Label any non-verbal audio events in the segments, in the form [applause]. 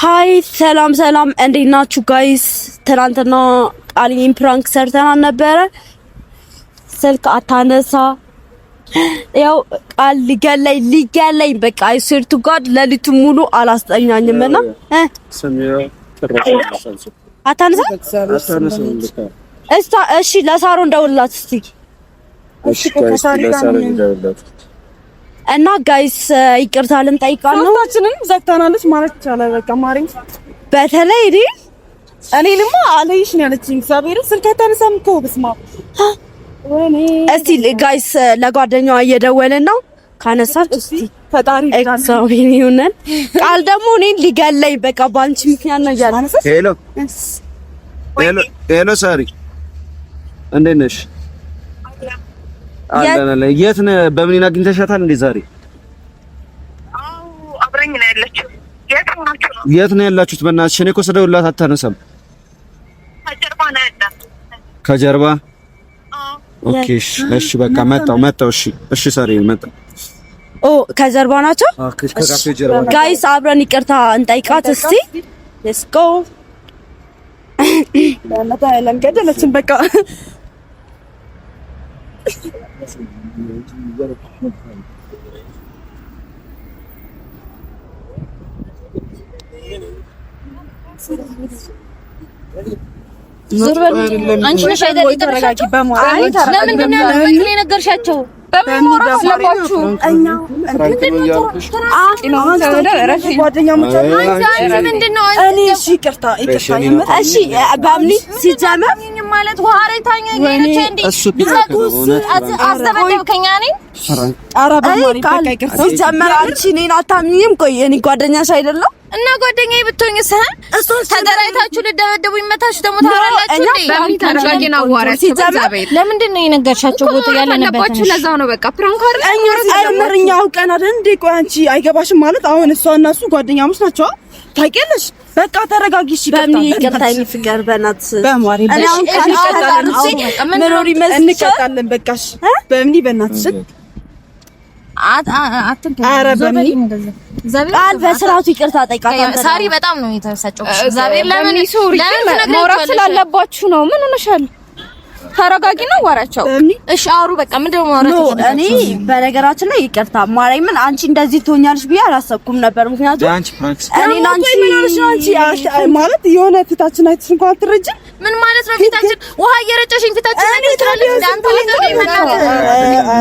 ሀይ ሰላም ሰላም፣ እንዴት ናችሁ ጋይስ? ትናንትና አሊኒን ፕራንክ ሰርተናል ነበረ። ስልክ አታነሳ። ያው ቃል ሊገለኝ ሊገለኝ በቃ አይ ስዌር ቱ ጋድ ለሊቱ ሙሉ አላስተኛኝም እና አታነሳ። እሺ ለሳሮ እንደውላት እስቲ። እሺ ለሳሮ እንደውላት እና ጋይስ uh, ይቅርታ ልንጠይቃት ነው። ሁላችንም ዘግታናለች ማለት ይቻላል። በቃ ማሪ በተለይ እኔ እኔ ልማ አለይሽ ነው ያለችኝ። እግዚአብሔር ስልክ አይታነሳም እኮ በስማ እስቲ ጋይስ uh, ለጓደኛዋ እየደወልን ነው። ካነሳች እስቲ ፈጣሪ እግዚአብሔር ይሁነን። ቃል ደግሞ እኔን ሊገለኝ በቃ ባንቺ ምክንያት ነው ያለ ሄሎ ሄሎ ሄሎ ሳሪ እንዴት ነሽ? አለና የት ነው? በምን አግኝተሻታል እንዴ? ዛሬ አብረኝ ነው ያለችው። የት ነው ያላችሁት? በእናትሽ እኔ እኮ ስደውልላት አታነሳም። ከጀርባ ነው ያላት። ከጀርባ ኦኬ። እሺ በቃ መጣው መጣው። እሺ እሺ፣ ሰሪ መጣ ኦ ከጀርባ ናቸው ጋይስ። አብረን ይቅርታ እንጠይቃት እስቲ። ሌትስ ጎ በቃ ዙር በሉ አንቺ ነሽ አይደል የጠረጋችሁ? ለምንድን ነው ያለው? በእንትን የነገርሻቸው በምን ሞራል አለባችሁ? ምንድን ነው እሺ፣ ይቅርታ ይቅርታ። እሺ በአምኒ ሲጀመር ማለት አታምኝም? ቆይ እኔ ጓደኛሽ አይደለም እና ጓደኛ ብትሆኝ ሰህ እሱን ተደራይታችሁ ልደበደቡ ይመታችሁ ደግሞ ታራላችሁ። ለምንድን ነው የነገርሻቸው? ቦታ ያለ ነበር ለዛ ነው በቃ ፕራንክ አይደል? እኛ አውቀን አይደል እንዴ? ቆይ አንቺ አይገባሽም ማለት አሁን እሷ እና እሱ ጓደኛሞች ናቸው። ታውቂያለሽ። በቃ ተረጋጊ። እሺ በምን ይቅርታ ቃል በስርዓቱ ይቅርታ ጠይቃታለሁ። ሳሪ በጣም ነው የተበሳጨው። ለምን ለምን ማውራት ስላለባችሁ ነው። ምን ሆነሻል? ተረጋጊ ነው ወራቸው። እሺ አውሩ በቃ ምንድን ነው ወራቸው? እኔ በነገራችን ላይ ይቅርታ ማርያም፣ ምን አንቺ እንደዚህ ትሆኛለሽ ብዬ አላሰብኩም ነበር። ምክንያቱም አንቺ እኔ ላንቺ አንቺ ማለት የሆነ ፊታችን አይተሽ እንኳን አትረጅም። ምን ማለት ነው ፊታችን? ውሃ እየረጨሽኝ ፊታችን አይተሽ ትላለሽ። አንተ ለቀቀኝ መናገር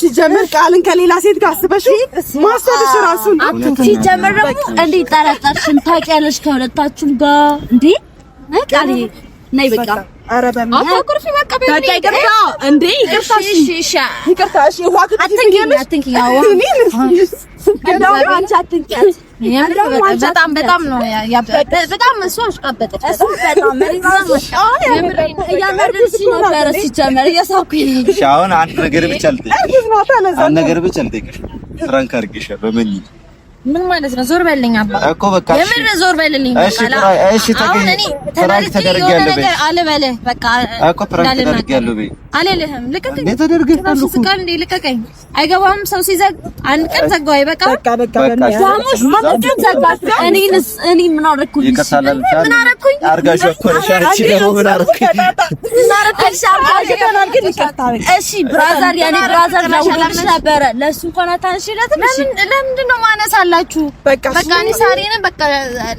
ሲጀምር ቃልን ከሌላ ሴት ጋር አስበሽ ማሰብሽ እራሱን ሲጀምር ደግሞ እንዴት ጠረጠርሽን ታውቂያለሽ? ከሁለታችሁም ጋር እንዴ ነይ በቃ ኧረ በሚያቆርፊ በቃ በጣም በጣም ነው በጣም እሷ አሽቃበጠች። አሁን አንድ ነገር ብቻ ልጠይቅሽ፣ አንድ ነገር ብቻ ልጠይቅሽ፣ ፍራንክ አድርጌሻል በመኝታ ምን ማለት ነው? ዞር በልልኝ አባ እኮ በቃ የምር ዞር በልልኝ። እሺ እሺ፣ አሁን እኔ ተናግሬ የሆነ ነገር አልበልህ በቃ እኮ ፕራንክ ተደርጊያለሁ በይ አልልህም። ልቀቀኝ፣ ልቀቀኝ። አይገባም። ሰው ሲዘግ አንድ ቀን ዘጋው አይበቃ በቃ በቃ በቃ ትችላላችሁ። በቃ እኔ ሳሪን በቃ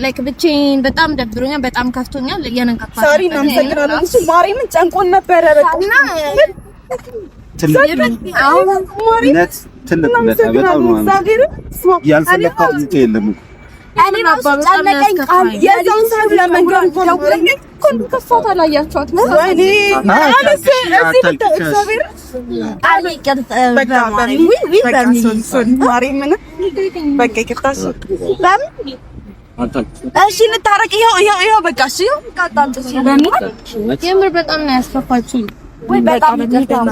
ላይክ ብቻዬን በጣም ደብሮኛል፣ በጣም ከፍቶኛል። የነንካፋ ሳሪ እና አመሰግናለሁ። እሱ ማርያምን ጨንቆን ነበረ በቃ እና ትልቅነት በጣም ነው እኮ እንድከፋት አላያችኋት እዚህ እሺ እንታረቅ ይኸው ይኸው ይኸው በቃ እሺ የምር በጣም ነው ያስከፋችሁኝ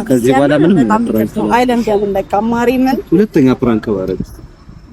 ከዚህ በኋላ ምንም አይለምደም በቃ ማርያምን ሁለተኛ ፕራንክ ባረግ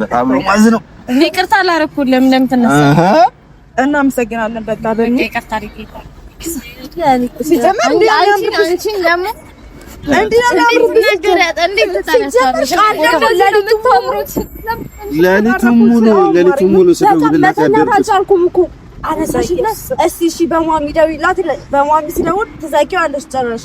በጣም ነው ማዝነው። ይቅርታ አላደረኩልህም። እንደምትነሳ እናመሰግናለን። በቃ በእኔ ይቅርታ ሌሊቱን ሙሉ ስደውልላት አልቻልኩም እኮ አነሳሽ። እስኪ በማሚ ደውይላት። በማሚ ስለሆነ ትዘጊዋለሽ ጨረሽ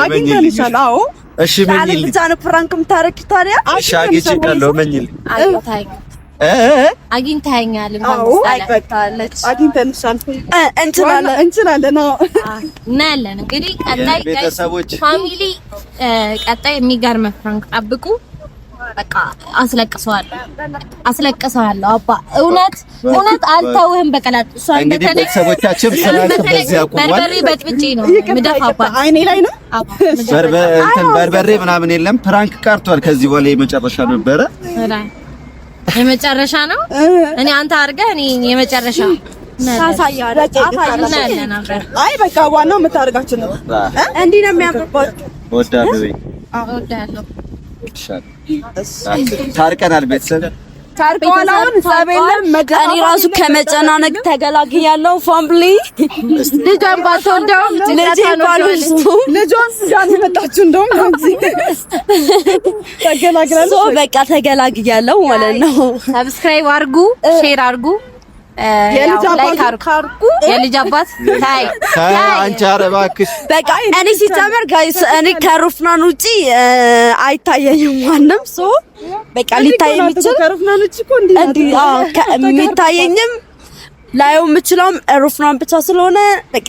አገኘንሽ አዎ እሺ፣ ምን ይል ነው ፕራንክ የምታረቂ ታዲያ? እሺ አግኝቻለሁ። ምን ይል አግኝተኸኛል። እንችላለን እንግዲህ ቀጣይ ፋሚሊ፣ ቀጣይ የሚገርም ፕራንክ ጠብቁ። በቃ አስለቅሰዋለሁ፣ አስለቅሰዋለሁ። አባ እውነት እውነት አልተውህም። እንግዲህ ቤተሰቦቻችን በርበሬ በጥብጬ ነው አይኔ ላይ ነው። በርበሬ ምናምን የለም። ፕራንክ ቀርቷል። ከዚህ በኋላ የመጨረሻ ነበረ። የመጨረሻ ነው። እኔ አንተ አድርገህ እኔ የመጨረሻ አይ በቃ ዋናው የምታደርጋችን ነው። እንዲህ ነው እወዳለሁ፣ እወዳለሁ። ታርቀናል። ቤተሰብ ታርቀዋል። አሁን የለም። እኔ ራሱ ከመጨናነቅ ተገላግያለሁ። ፋምብሊ ልጇን ባቶ እንደውም ልጅ ባሎስቱ ልጇን ዛን የመጣችሁ እንደውም ተገላግላለሁ። በቃ ተገላግ ያለው ማለት ነው። ሰብስክራይብ አርጉ፣ ሼር አርጉ። የልጅ አባት ታይ ታይ አንቺ ኧረ እባክሽ በቃ እኔ ሲጀመር ጋይስ እኔ ከሩፍናን ውጪ አይታየኝም ማንም ሶ በቃ ሊታይ የሚችል ከሩፍናን ውጪ እኮ እንዴ አዎ የሚታየኝም ላየው የምችለውም ሩፍናን ብቻ ስለሆነ በቃ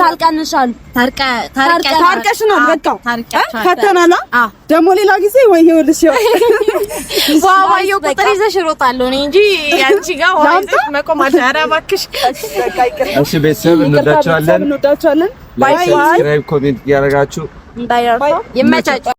ታርቀንሻል። ታርቀሽናል። በቃ ከተናላ ደግሞ ሌላ ጊዜ ወይ ይኸውልሽ [laughs] ቁጥር ይዘሽ እሮጣለሁ እኔ እንጂ ያንቺ ጋር መቆም አለ። ኧረ እባክሽ። እሺ ቤተሰብ እንወዳቸዋለን። ላይክ፣ ሰብስክራይብ፣ ኮሜንት እያደረጋችሁ ይመቻችሁ።